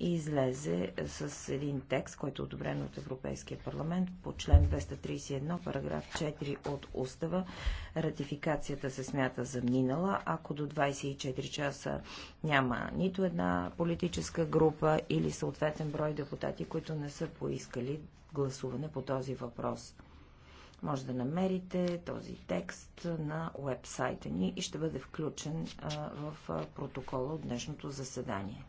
и излезе с един текст, който е одобрен от Европейския парламент по член 231, параграф 4 от Устава. Ратификацията се смята за минала, ако до 24 часа няма нито една политическа група или съответен брой депутати, които не са поискали гласуване по този въпрос. Може да намерите този текст на уебсайта ни и ще бъде включен в протокола от днешното заседание.